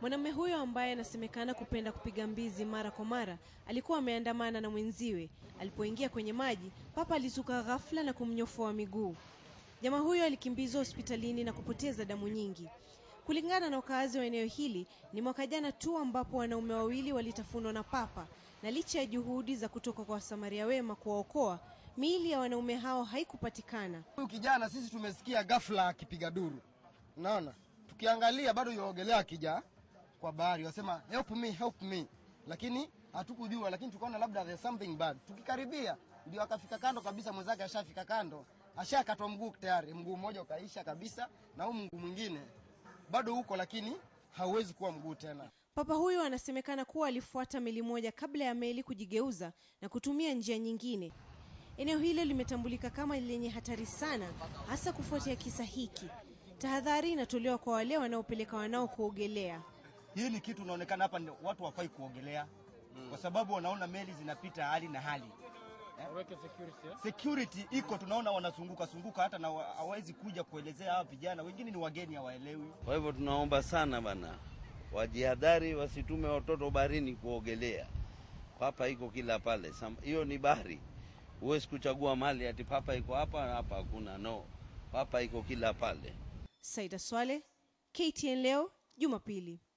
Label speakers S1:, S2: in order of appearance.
S1: Mwanamume huyo ambaye anasemekana kupenda kupiga mbizi mara kwa mara alikuwa ameandamana na mwenziwe. Alipoingia kwenye maji, papa alizuka ghafla na kumnyofoa miguu. Jamaa huyo alikimbizwa hospitalini na kupoteza damu nyingi. Kulingana na wakazi wa eneo hili, ni mwaka jana tu ambapo wanaume wawili walitafunwa na papa, na licha ya juhudi za kutoka kwa Wasamaria wema kuwaokoa, miili ya wanaume hao haikupatikana.
S2: Huyu kijana sisi tumesikia ghafla akipiga duru, naona tukiangalia bado yuogelea akijaa kwa bahari, wasema help me, help me, lakini hatukujua, lakini tukaona labda there's something bad. Tukikaribia ndio akafika kando kabisa, mwenzake ashafika kando, ashakatwa mguu tayari, mguu mmoja ukaisha kabisa, na huu mguu mwingine bado huko, lakini hauwezi kuwa mguu tena.
S1: Papa huyo anasemekana kuwa alifuata meli moja kabla ya meli kujigeuza na kutumia njia nyingine. Eneo hilo limetambulika kama lenye hatari sana, hasa kufuatia kisa hiki. Tahadhari inatolewa kwa wale wanaopeleka wanao kuogelea
S2: hii ni kitu unaonekana hapa, watu wafai kuogelea mm. kwa sababu wanaona meli zinapita hali na hali
S3: eh? security, eh?
S2: security iko, tunaona wanazunguka zunguka, hata na hawezi kuja kuelezea. Hawa vijana wengine ni wageni, hawaelewi.
S4: Kwa hivyo tunaomba sana bana, wajihadhari, wasitume watoto baharini kuogelea. Papa iko kila pale, hiyo ni bahari. Huwezi kuchagua mali ati papa iko hapa hapa, hakuna no, papa iko kila pale.
S1: Saida Swale, KTN leo Jumapili.